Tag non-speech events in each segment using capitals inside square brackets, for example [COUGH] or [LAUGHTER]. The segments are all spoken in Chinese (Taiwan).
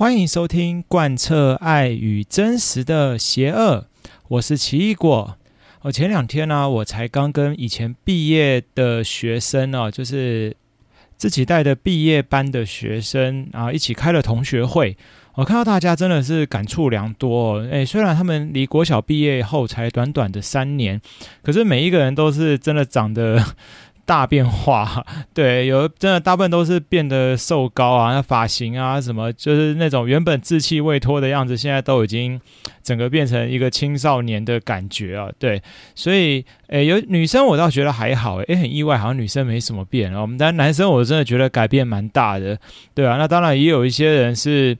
歡迎收聽《貫徹愛與真實的邪惡》，我是奇異果。我前兩天呢、啊，我才剛跟以前畢業的學生呢、啊，就是自己帶的畢業班的學生啊，一起開了同學會。我、啊、看到大家真的是感觸良多、哦。哎，雖然他們離國小畢業後才短短的三年，可是每一個人都是真的長得。大變化，對，有真的大部分都是變得瘦高啊，那髮型啊什麼，就是那種原本稚氣未脫的樣子，現在都已經整個變成一個青少年的感覺啊，對，所以誒、欸，有女生我倒覺得還好、欸，誒、欸，很意外，好像女生沒什麼變哦、啊。我們但男生我真的覺得改變蠻大的，對啊。那當然也有一些人是。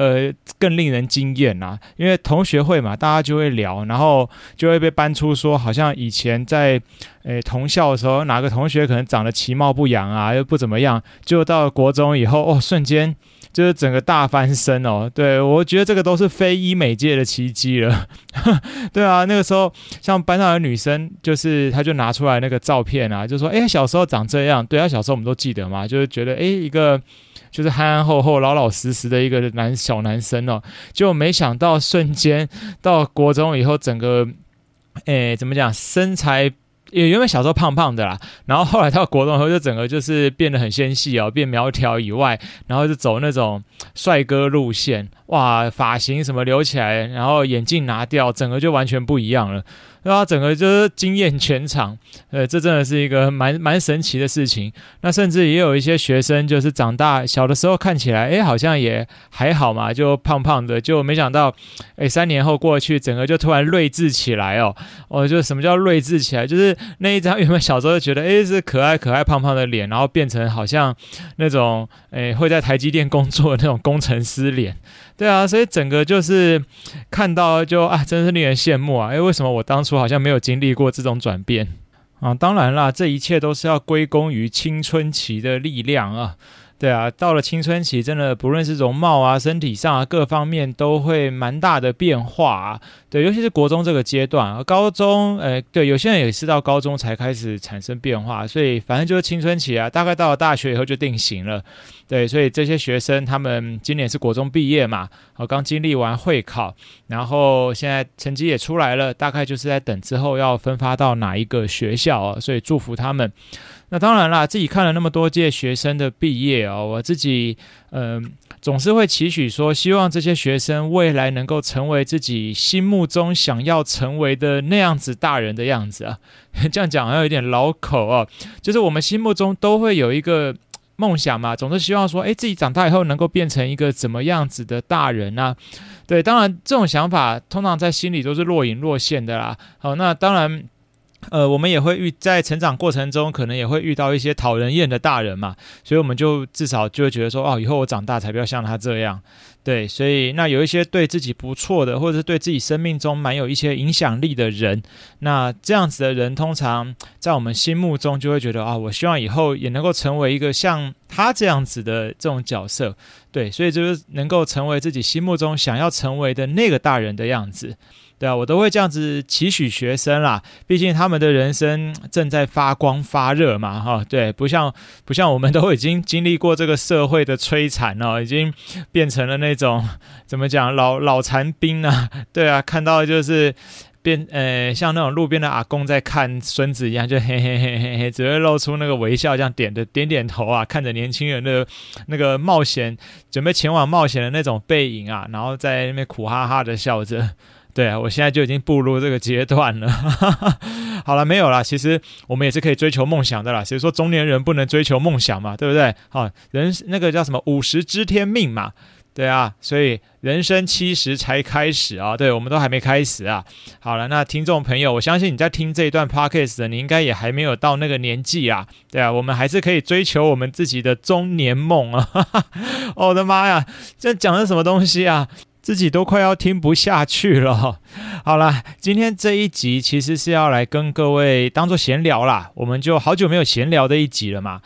呃，更令人驚艷啦、啊、因為同學會嘛，大家就會聊，然後就會被搬出說，好像以前在誒同校的時候，哪個同學可能長得其貌不揚啊，又不怎麼樣，就到了國中以後哦，瞬間就是整個大翻身哦。對，我覺得這個都是非醫美界的奇蹟了。 [LAUGHS] 對啊，那個時候像班上的女生，就是她就拿出來那個照片啊，就說哎，小時候長這樣。對啊，小時候我們都記得嘛，就是覺得哎，一個。就是憨憨厚厚、老老實實的一個男小男生哦，就沒想到瞬間到國中以後，整個，誒，怎麼講，身材也原本小時候胖胖的啦，然後後來到國中以後就整個就是變得很纖細哦，變苗條以外，然後就走那種帥哥路線，哇，髮型什麼留起來，然後眼鏡拿掉，整個就完全不一樣了。對啊，整個就是驚豔全場，呃，這真的是一個蠻蠻神奇的事情。那甚至也有一些學生，就是長大小的時候看起來，哎，好像也還好嘛，就胖胖的，就沒想到，哎，三年後過去，整個就突然睿智起來哦。哦，就什麼叫睿智起來？就是那一張原本小時候就覺得，哎，是可愛可愛胖胖的臉，然後變成好像那種，哎，會在台積電工作的那種工程師臉。對啊，所以整個就是看到就啊，真是令人羨慕啊！誒，為什麼我當初好像沒有經歷過這種轉變啊？當然啦，這一切都是要歸功於青春期的力量啊。對啊，到了青春期，真的不論是容貌啊、身體上啊，各方面都會蠻大的變化啊。對，尤其是國中這個階段，而高中，呃，對，有些人也是到高中才開始產生變化，所以反正就是青春期啊。大概到了大學以後就定型了，對。所以這些學生，他們今年是國中畢業嘛，哦，啊，剛經歷完會考，然後現在成績也出來了，大概就是在等之後要分發到哪一個學校啊，所以祝福他們。那當然啦，自己看了那麼多屆學生的畢業哦，我自己嗯、呃、總是會期許說，希望這些學生未來能夠成為自己心目中想要成為的那樣子大人的樣子啊。這樣講好像有點繞口，哦，就是我們心目中都會有一個夢想嘛，總是希望說，哎，自己長大以後能夠變成一個怎麼樣子的大人吶、啊。對，當然這種想法通常在心裡都是若隱若現的啦。好，那當然。呃，我們也會遇在成長過程中，可能也會遇到一些討人厭的大人嘛，所以我們就至少就會覺得說，哦、啊，以後我長大才不要像他這樣，對，所以那有一些對自己不錯的，或者是對自己生命中蠻有一些影響力的人，那這樣子的人，通常在我們心目中就會覺得，啊，我希望以後也能夠成為一個像他這樣子的這種角色，對，所以就是能夠成為自己心目中想要成為的那個大人的樣子。對啊，我都會這樣子期許學生啦，畢竟他們的人生正在發光發熱嘛，哈、哦，對，不像不像我們都已經經歷過這個社會的摧殘了，哦，已經變成了那種怎麼講老老殘兵啊，對啊，看到就是變呃像那種路邊的阿公在看孫子一樣，就嘿嘿嘿嘿嘿，只會露出那個微笑，這樣點着點點頭啊，看着年輕人的那個冒險，準備前往冒險的那種背影啊，然後在那邊苦哈哈的笑着。對啊，我現在就已經步入這個階段了。 [LAUGHS] 好了，沒有啦。其實我們也是可以追求夢想的啦。誰說中年人不能追求夢想嘛？對不對？好、哦，人那個叫什麼五十知天命嘛？對啊，所以人生七十才開始啊。對，我們都還沒開始啊。好了，那聽眾朋友，我相信你在聽這一段 podcast 的，你應該也還沒有到那個年紀啊。對啊，我們還是可以追求我們自己的中年夢啊。 [LAUGHS] 哦、我的媽呀，這講的什麼東西啊？自己都快要聽不下去了。好啦，今天這一集其實是要來跟各位當做閒聊啦，我們就好久沒有閒聊的一集了嘛。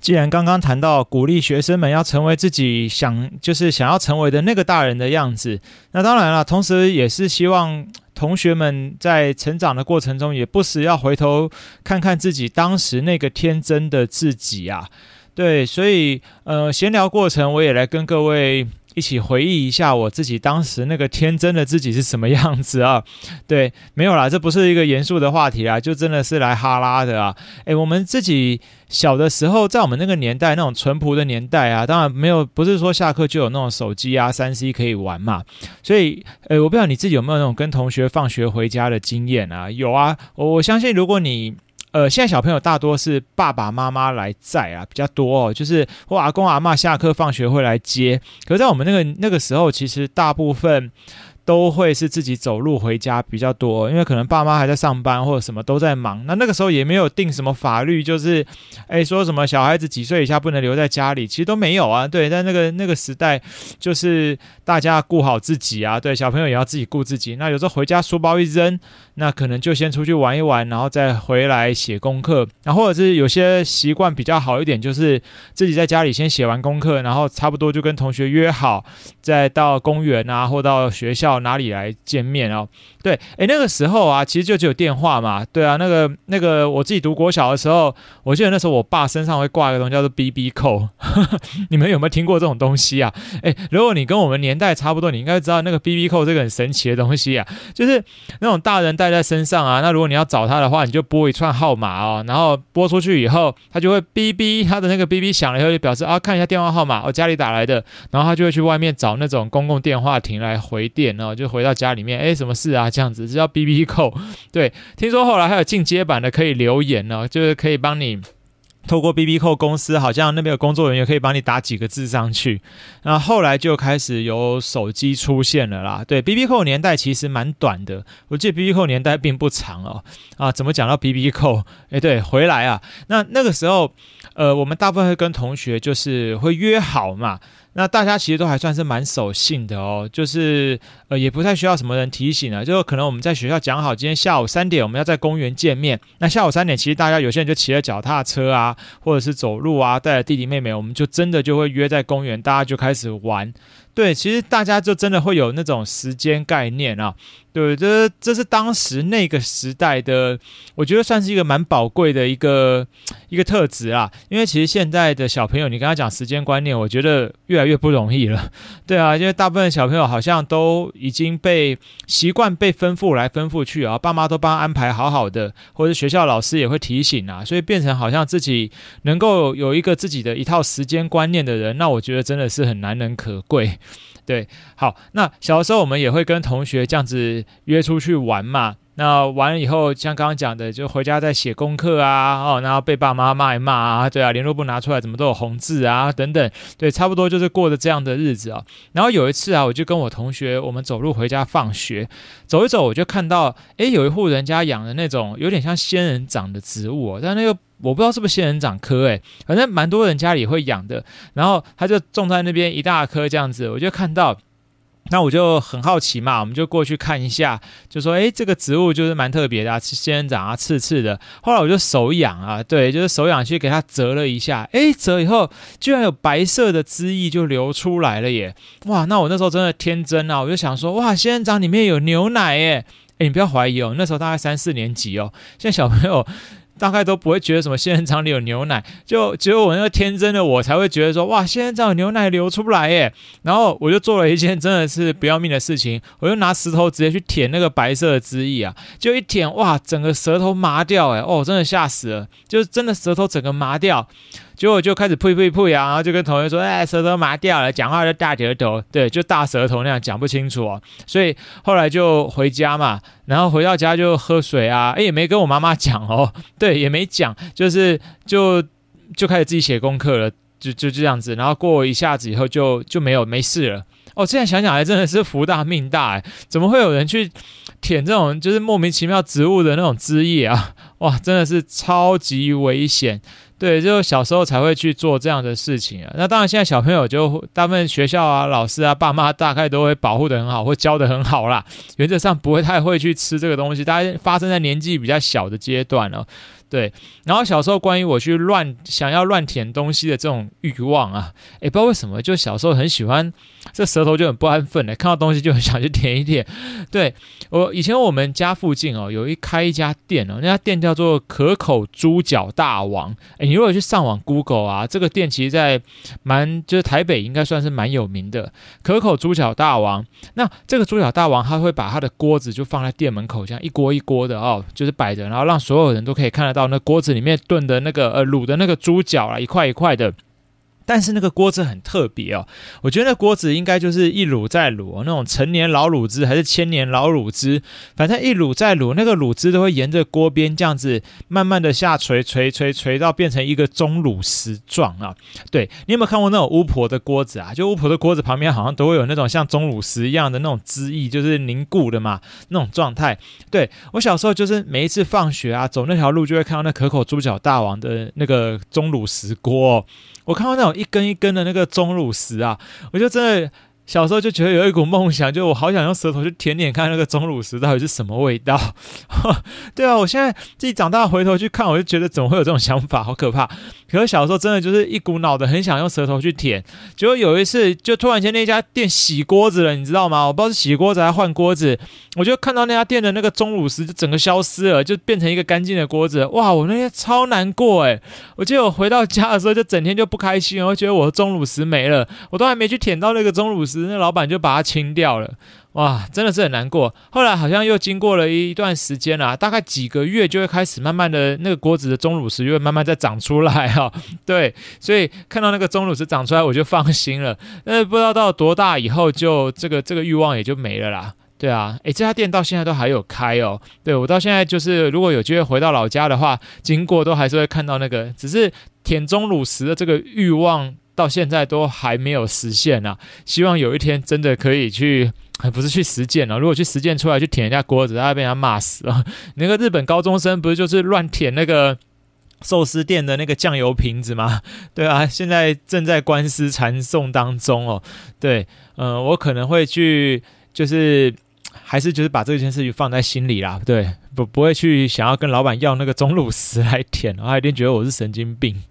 既然剛剛談到鼓勵學生們要成為自己想就是想要成為的那個大人的樣子，那當然啦，同時也是希望同學們在成長的過程中也不時要回頭看看自己當時那個天真的自己啊。對，所以呃，閒聊過程我也來跟各位。一起回憶一下我自己當時那個天真的自己是什麼樣子啊？對，沒有啦，這不是一個嚴肅的話題啊，就真的是來哈拉的啊！哎，我們自己小的時候，在我們那個年代那種淳樸的年代啊，當然沒有，不是說下課就有那種手機啊、三 C 可以玩嘛。所以，哎，我不知道你自己有沒有那種跟同學放學回家的經驗啊？有啊，我我相信如果你。呃，現在小朋友大多是爸爸媽媽來載啊，比較多哦。就是或阿公阿嬤，下課放學會來接。可是在我們那個那個時候，其實大部分都會是自己走路回家比較多哦，因為可能爸媽還在上班或者什麼都在忙。那那個時候也沒有定什麼法律，就是誒，欸，說什麼小孩子幾歲以下不能留在家裡，其實都沒有啊。對，在那個那個時代，就是大家顧好自己啊。對，小朋友也要自己顧自己。那有時候回家書包一扔。那可能就先出去玩一玩，然後再回來寫功課，然後，啊，或者是有些習慣比較好一點，就是自己在家裡先寫完功課，然後差不多就跟同學約好，再到公園啊或到學校哪裡來見面哦。對，誒，那個時候啊，其實就只有電話嘛。對啊，那個那個，我自己讀國小的時候，我記得那時候我爸身上會掛一個東西叫做 BB Call，你們有沒有聽過這種東西啊？誒，如果你跟我們年代差不多，你應該知道那個 BB Call 是個很神奇的東西啊，就是那種大人帶。在身上啊，那如果你要找他的話，你就撥一串號碼哦，然後撥出去以後，他就會嗶嗶，他的那個嗶嗶響了以後，就表示啊，看一下電話號碼，我、哦、家裡打來的，然後他就會去外面找那種公共電話亭來回電，哦，就回到家裡面，哎，什麼事啊？這樣子，這叫嗶嗶扣。對，聽說後來還有進階版的可以留言哦，就是可以幫你。透過 BB Call 公司，好像那邊有工作人員可以幫你打幾個字上去。那後，後來就開始有手機出現了啦。對，BB Call 年代其實蠻短的，我記得 BB Call 年代並不長哦。啊，怎麼講到 BB Call？哎，對，回來啊，那那個時候。呃，我們大部分會跟同學就是會約好嘛，那大家其實都還算是蠻守信的哦，就是呃也不太需要什麼人提醒啊，就是可能我們在學校講好今天下午三點我們要在公園見面，那下午三點其實大家有些人就騎着腳踏車啊，或者是走路啊，帶着弟弟妹妹，我們就真的就會約在公園，大家就開始玩，對，其實大家就真的會有那種時間概念啊。對，這是這是當時那個時代的，我覺得算是一個蠻寶貴的一個一個特質啊。因為其實現在的小朋友，你跟他講時間觀念，我覺得越來越不容易了。對啊，因為大部分小朋友好像都已經被習慣被吩咐來吩咐去啊，爸媽都幫他安排好好的，或者學校老師也會提醒啊，所以變成好像自己能夠有一個自己的一套時間觀念的人，那我覺得真的是很難能可貴。對，好，那小的時候我們也會跟同學這樣子約出去玩嘛。那完了以後，像剛剛講的，就回家再寫功課啊，哦，然後被爸媽罵一罵啊，對啊，聯絡簿拿出來怎麼都有紅字啊，等等，對，差不多就是過著這樣的日子啊、哦。然後有一次啊，我就跟我同學，我們走路回家放學，走一走，我就看到，誒，有一戶人家養的那種有點像仙人掌的植物、哦，但那個我不知道是不是仙人掌科，誒，反正蠻多人家裡會養的，然後他就種在那邊一大棵這樣子，我就看到。那我就很好奇嘛，我們就過去看一下，就說：誒，這個植物就是蠻特別的啊，仙人掌啊，刺刺的。後來我就手癢啊，對，就是手癢去給它折了一下，誒，折以後居然有白色的汁液就流出來了耶！哇，那我那時候真的天真啊，我就想說：哇，仙人掌裡面有牛奶誒。誒，你不要懷疑哦，那時候大概三四年級哦，現在小朋友。大概都不會覺得什麼仙人掌裡有牛奶，就只有我那個天真的我才會覺得說，哇，仙人掌有牛奶流出不來耶！然後我就做了一件真的是不要命的事情，我就拿石頭直接去舔那個白色的汁液啊，就一舔，哇，整個舌頭麻掉，哎，哦，真的嚇死了，就是真的舌頭整個麻掉。結果就開始撲一撲撲呀，然後就跟同學說：“哎，舌頭麻掉了，講話就大舌頭，對，就大舌頭那樣講不清楚哦、啊。”所以後來就回家嘛，然後回到家就喝水啊，哎，也沒跟我媽媽講哦，對，也沒講，就是就就開始自己寫功課了，就就這樣子，然後過一下子以後就就沒有沒事了。哦，現在想想還、欸、真的是福大命大哎、欸！怎麼會有人去舔這種就是莫名其妙植物的那種汁液啊？哇，真的是超級危險。對，就是小時候才會去做這樣的事情啊。那當然，現在小朋友就大部分學校啊、老師啊、爸媽大概都會保護得很好，或教得很好啦。原則上不會太會去吃這個東西，大家發生在年紀比較小的階段哦。對，然後小時候關於我去亂想要亂舔東西的這種慾望啊，也不知道為什麼，就小時候很喜歡，這舌頭就很不安分的，看到東西就很想去舔一舔。對，我以前我們家附近哦，有一開一家店哦，那家店叫做可口豬腳大王。哎，你如果去上網 Google 啊，這個店其實在蠻就是台北應該算是蠻有名的，可口豬腳大王。那這個豬腳大王他會把他的鍋子就放在店門口，這樣一鍋一鍋的哦，就是擺着，然後讓所有人都可以看得到。那鍋子裡面燉的那個呃，滷的那個豬腳啊，一塊一塊的。但是那個鍋子很特別哦，我覺得那鍋子應該就是一滷再滷、哦、那種陳年老滷汁，還是千年老滷汁？反正一滷再滷，那個滷汁都會沿着鍋邊這樣子慢慢的下垂垂垂垂，垂，垂到變成一個鐘乳石狀啊！對，你有沒有看過那種巫婆的鍋子啊？就巫婆的鍋子旁邊好像都會有那種像鐘乳石一樣的那種汁液，就是凝固的嘛，那種狀態。對，我小時候就是每一次放學啊，走那條路就會看到那可口豬腳大王的那個鐘乳石鍋、哦，我看過那種。一根一根的那個鐘乳石啊，我就真的。小時候就覺得有一股夢想，就我好想用舌頭去舔舔看那個鐘乳石到底是什麼味道。 [LAUGHS] 對啊，我現在自己長大回頭去看，我就覺得怎麼會有這種想法，好可怕。可是小時候真的就是一股腦的很想用舌頭去舔。結果有一次就突然間那家店洗鍋子了，你知道嗎？我不知道是洗鍋子還是換鍋子，我就看到那家店的那個鐘乳石就整個消失了，就變成一個乾淨的鍋子了。哇，我那天超難過誒，我記得我回到家的時候就整天就不開心，然後覺得我的鐘乳石沒了，我都還沒去舔到那個鐘乳石。那老闆就把它清掉了，哇，真的是很難過。後來好像又經過了一段時間啦、啊，大概幾個月就會開始慢慢的，那個鍋子的鐘乳石就會慢慢再長出來哈、哦。對，所以看到那個鐘乳石長出來，我就放心了。那不知道到多大以後，就這個這個慾望也就沒了啦。對啊，誒，這家店到現在都還有開哦。對我到現在就是，如果有機會回到老家的話，經過都還是會看到那個，只是舔鐘乳石的這個慾望。到現在都還沒有實現吶、啊，希望有一天真的可以去，不是去實踐了。如果去實踐出來去舔一下鍋子，那被人家罵死了。那個日本高中生不是就是亂舔那個壽司店的那個醬油瓶子嗎？對啊，現在正在官司纏訟當中哦。對，嗯，我可能會去，就是還是就是把這件事情放在心裡啦。對，不不會去想要跟老闆要那個鐘乳石來舔，然後一定覺得我是神經病。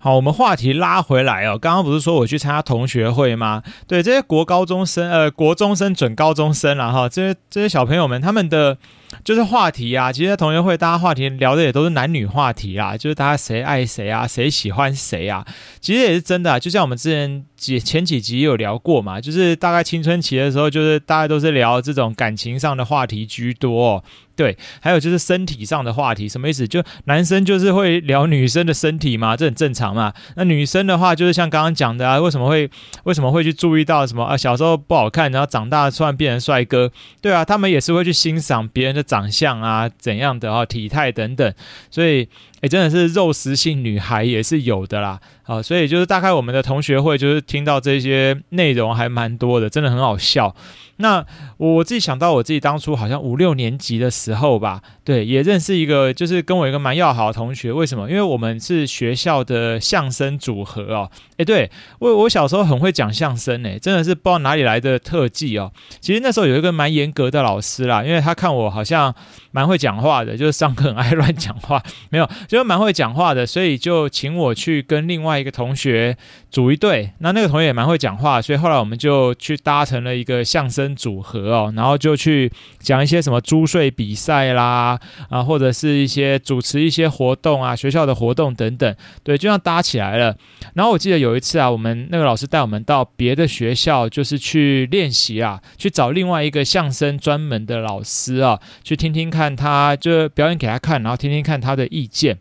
好，我們話題拉回來哦。剛剛不是說我去參加同學會嗎？對，這些國高中生，呃，國中生、準高中生了啊哈。這些這些小朋友們，他們的。就是話題啊，其實在同學會大家話題聊的也都是男女話題啊。就是大家誰愛誰啊，誰喜歡誰啊，其實也是真的啊。就像我們之前幾前幾集有聊過嘛，就是大概青春期的時候，就是大家都是聊這種感情上的話題居多哦，對，還有就是身體上的話題，什麼意思？就男生就是會聊女生的身體嘛，這很正常嘛。那女生的話，就是像剛剛講的啊，為什麼會為什麼會去注意到什麼啊？小時候不好看，然後長大突然變成帥哥，對啊，他們也是會去欣賞別人。的長相啊，怎樣的啊，哦，體態等等，所以。誒，欸、真的是肉食性女孩也是有的啦，啊，所以就是大概我們的同學會就是聽到這些內容還蠻多的，真的很好笑。那我自己想到我自己當初好像五六年級的時候吧，對，也認識一個就是跟我一個蠻要好的同學，為什麼？因為我們是學校的相聲組合哦。誒，對我我小時候很會講相聲誒，真的是不知道哪裡來的特技哦、喔。其實那時候有一個蠻嚴格的老師啦，因為他看我好像蠻會講話的，就是上課很愛亂講話，沒有。就蠻會講話的，所以就請我去跟另外一個同學組一隊。那那個同學也蠻會講話，所以後來我們就去搭成了一個相聲組合哦，然後就去講一些什麼租稅比賽啦啊，或者是一些主持一些活動啊，學校的活動等等。對，就這樣搭起來了。然後我記得有一次啊，我們那個老師帶我們到別的學校，就是去練習啊，去找另外一個相聲專門的老師啊，去聽聽看他，他就表演給他看，然後聽聽看他的意見。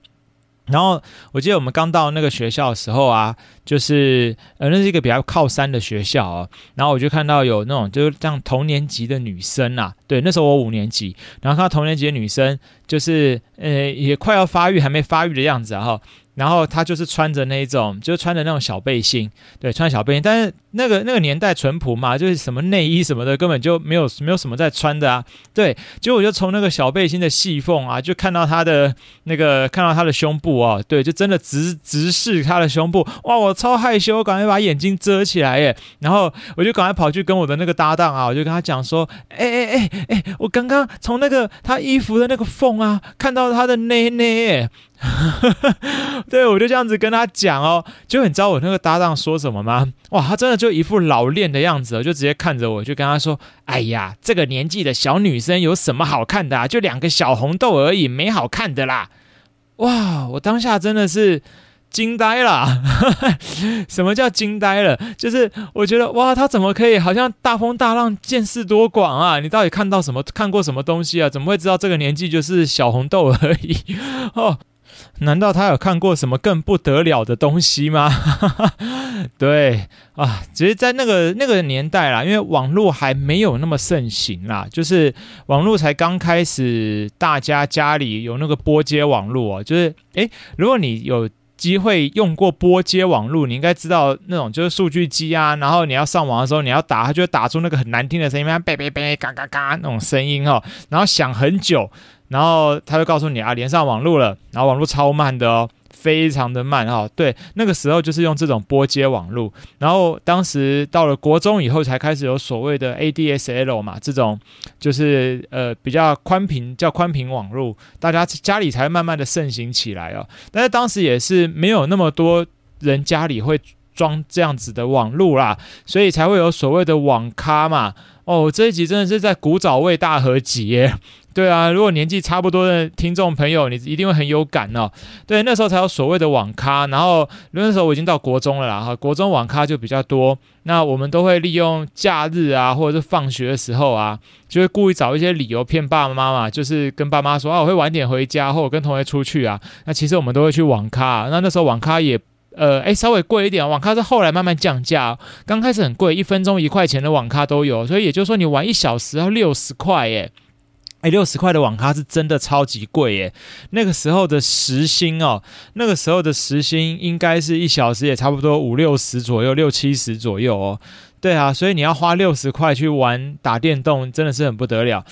然後我記得我們剛到那個學校的時候啊，就是呃，那是一個比較靠山的學校哦。然後我就看到有那種，就是像同年級的女生吶，對，那時候我五年級，然後看到同年級的女生，就是呃，也快要發育還沒發育的樣子啊哦，然後。然後他就是穿着那一種，就是穿着那種小背心，對，穿小背心。但是那個那個年代淳樸嘛，就是什麼內衣什麼的，根本就沒有沒有什麼在穿的啊。對，結果我就從那個小背心的細縫啊，就看到他的那個，看到他的胸部啊，對，就真的直直視他的胸部。哇，我超害羞，我趕快把眼睛遮起來耶。然後我就趕快跑去跟我的那個搭檔啊，我就跟他講說，哎哎哎哎，我剛剛從那個他衣服的那個縫啊，看到他的內內。 [LAUGHS] 對，我就這樣子跟他講哦，就很知道我那個搭檔說什麼嗎？哇，他真的就一副老練的樣子，就直接看着我，就跟他說：“哎呀，這個年紀的小女生有什麼好看的啊？就兩個小紅豆而已，沒好看的啦！”哇，我當下真的是驚呆了。 [LAUGHS] 什麼叫驚呆了？就是我覺得哇，他怎麼可以，好像大風大浪見識多廣啊？你到底看到什麼，看過什麼東西啊？怎麼會知道這個年紀就是小紅豆而已？哦。難道他有看過什麼更不得了的東西嗎？ [LAUGHS] 對啊，其實在那個那個年代啦，因為網絡還沒有那麼盛行啦，就是網絡才剛開始，大家家裡有那個撥接網絡啊，就是哎，如果你有機會用過撥接網絡，你應該知道那種就是數據機啊，然後你要上網的時候，你要打，它就會打出那個很難聽的聲音，嗶嗶嗶，嘎嘎嘎那種聲音哦，然後響很久。然後他就告訴你啊，連上網絡了，然後網絡超慢的哦，非常的慢哈、哦。對，那個時候就是用這種撥接網絡，然後當時到了國中以後才開始有所謂的 ADSL 嘛，這種就是呃比較寬頻，叫寬頻網絡，大家家裡才慢慢的盛行起來哦。但是當時也是沒有那麼多人家裡會裝這樣子的網絡啦，所以才會有所謂的網咖嘛。哦，這一集真的是在古早味大合集耶。對啊，如果年紀差不多的聽眾朋友，你一定會很有感哦。對，那時候才有所謂的網咖，然後那時候我已經到國中了啦，哈，國中網咖就比較多。那我們都會利用假日啊，或者是放學的時候啊，就會故意找一些理由騙爸爸媽媽嘛，就是跟爸媽說啊，我會晚點回家，或者我跟同學出去啊。那其實我們都會去網咖，那那時候網咖也，呃，哎，稍微貴一點，網咖是後來慢慢降價，剛開始很貴，一分鐘一塊錢的網咖都有，所以也就是說你玩一小時要六十塊耶，哎。哎，六十塊的網咖是真的超級貴耶！那個時候的時薪哦，那個時候的時薪應該是一小時也差不多五六十左右，六七十左右哦。對啊，所以你要花六十塊去玩打電動，真的是很不得了。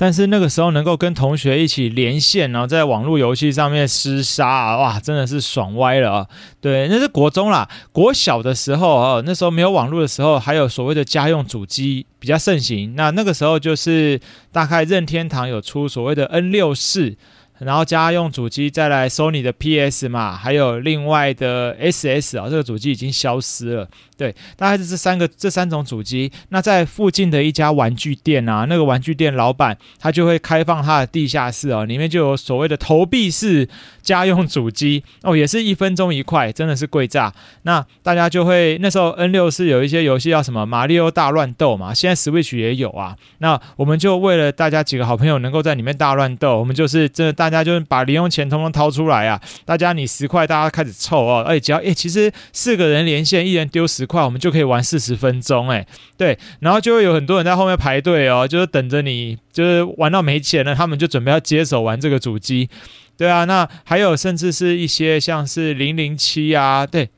但是那個時候能夠跟同學一起連線啊，然後在網絡遊戲上面厮殺啊，哇，真的是爽歪了啊！對，那是國中啦，國小的時候啊，那時候沒有網絡的時候，還有所謂的家用主機比較盛行。那那個時候就是大概任天堂有出所謂的 N 六四。然後家用主機再來 Sony 的 PS 嘛，還有另外的 SS 啊、哦，這個主機已經消失了。對，大概是這三個這三種主機。那在附近的一家玩具店啊，那個玩具店老板他就會開放他的地下室哦、啊，裡面就有所謂的投幣式家用主機哦，也是一分鐘一塊，真的是貴炸。那大家就會那時候 N64 有一些遊戲叫什麼《馬里奧大亂鬥》嘛，現在 Switch 也有啊。那我們就為了大家幾個好朋友能夠在裡面大亂鬥，我們就是真的大。大家就是把零用錢通通掏出來啊！大家你十塊，大家開始湊哦。哎、欸、只要誒、欸，其實四個人連線，一人丟十塊，我們就可以玩四十分鐘。哎，對，然後就會有很多人在後面排隊哦，就是等着你，就是玩到沒錢了，他們就準備要接手玩這個主機。對啊，那還有甚至是一些像是零零七啊，對，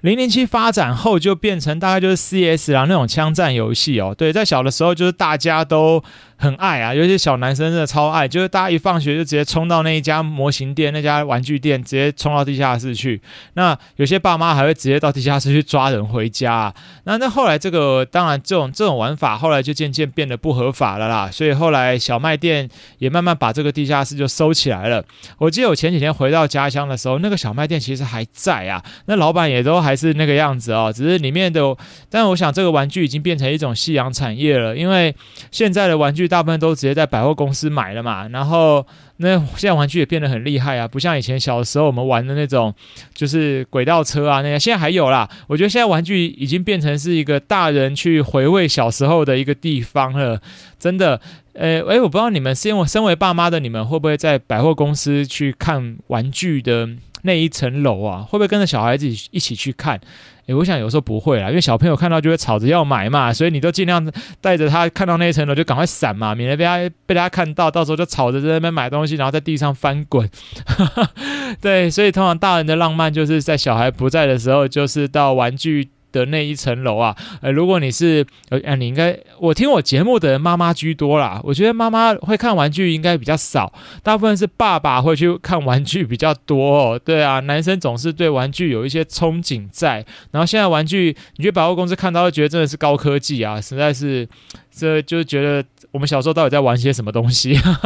零零七發展後就變成大概就是 CS 啊那種槍戰遊戲哦。對，在小的時候就是大家都。很愛啊，有些小男生真的超愛，就是大家一放學就直接衝到那一家模型店，那家玩具店，直接衝到地下室去。那有些爸媽還會直接到地下室去抓人回家啊。那那後來，這個當然這種這種玩法後來就漸漸變得不合法了啦。所以後來小賣店也慢慢把這個地下室就收起來了。我記得我前幾天回到家鄉的時候，那個小賣店其實還在啊，那老闆也都還是那個樣子哦，只是裡面的。但我想這個玩具已經變成一種夕陽產業了，因為現在的玩具。大部分都直接在百貨公司買了嘛，然後那現在玩具也變得很厲害啊，不像以前小時候我們玩的那種，就是軌道車啊那些，現在還有啦。我覺得現在玩具已經變成是一個大人去回味小時候的一個地方了，真的。誒、欸，哎、欸，我不知道你們身為身為爸媽的你們會不會在百貨公司去看玩具的那一層樓啊，會不會跟着小孩子一起去看？誒、欸，我想有時候不會啦，因為小朋友看到就會吵着要買嘛，所以你都盡量帶着他看到那一層樓就趕快閃嘛，免得被他被他看到，到時候就吵着在那邊買東西，然後在地上翻滾。 [LAUGHS] 對，所以通常大人的浪漫就是在小孩不在的時候，就是到玩具的那一層樓啊，呃，如果你是呃，你應該我聽我節目的人媽媽居多啦，我覺得媽媽會看玩具應該比較少，大部分是爸爸會去看玩具比較多哦。對啊，男生總是對玩具有一些憧憬在。然後現在玩具，你去百貨公司看到會覺得真的是高科技啊？實在是，這就覺得我們小時候到底在玩些什麼東西啊。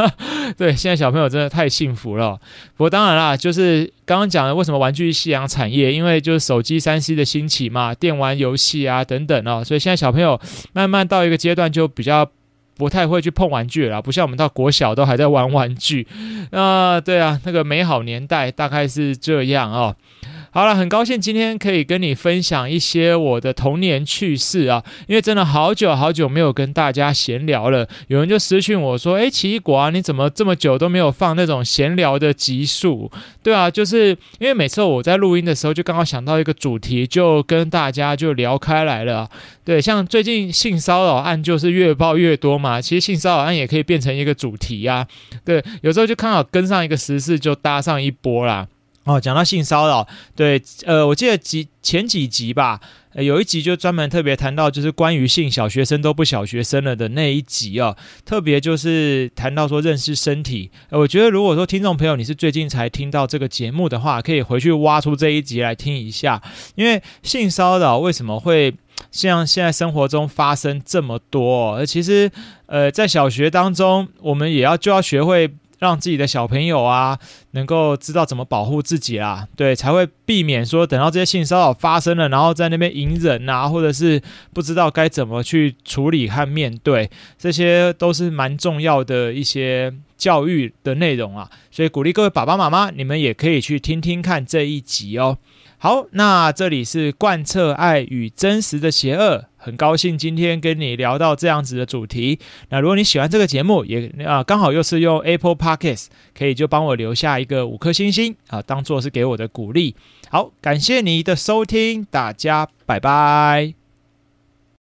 對，現在小朋友真的太幸福了哦。不過當然啦，就是。剛剛講了為什麼玩具是夕陽產業，因為就是手機三 C 的興起嘛，電玩遊戲啊等等哦，所以現在小朋友慢慢到一個階段就比較不太會去碰玩具了啦，不像我們到國小都還在玩玩具，那、呃、對啊，那個美好年代大概是這樣哦。好了，很高興今天可以跟你分享一些我的童年趣事啊，因為真的好久好久沒有跟大家閒聊了。有人就私訊我說：“誒、欸，奇異果啊，你怎麼這麼久都沒有放那種閒聊的集數？”對啊，就是因為每次我在錄音的時候，就剛好想到一個主題，就跟大家就聊開來了、啊。對，像最近性騷擾案就是越爆越多嘛，其實性騷擾案也可以變成一個主題啊。對，有時候就剛好跟上一個時事，就搭上一波啦。哦，講到性騷擾，對，呃，我記得幾前幾集吧，呃，有一集就專門特別談到，就是關於性，小學生都不小學生了的那一集哦，特別就是談到說認識身體。呃，我覺得如果說聽眾朋友你是最近才聽到這個節目的話，可以回去挖出這一集來聽一下，因為性騷擾為什麼會像現在生活中發生這麼多哦？而其實，呃，在小學當中，我們也要就要學會。讓自己的小朋友啊，能夠知道怎麼保護自己啦，啊，對，才會避免說等到這些性騷擾發生了，然後在那邊隱忍啊，或者是不知道該怎麼去處理和面對，這些都是蠻重要的一些教育的內容啊。所以鼓勵各位爸爸媽媽，你們也可以去聽聽看這一集哦。好，那這裡是貫徹愛與真實的邪惡。很高興今天跟你聊到這樣子的主題。那如果你喜歡這個節目，也啊，呃，剛好又是用 Apple Podcasts，可以就幫我留下一個五顆星星啊，當做是給我的鼓勵。好，感謝你的收聽，大家拜拜。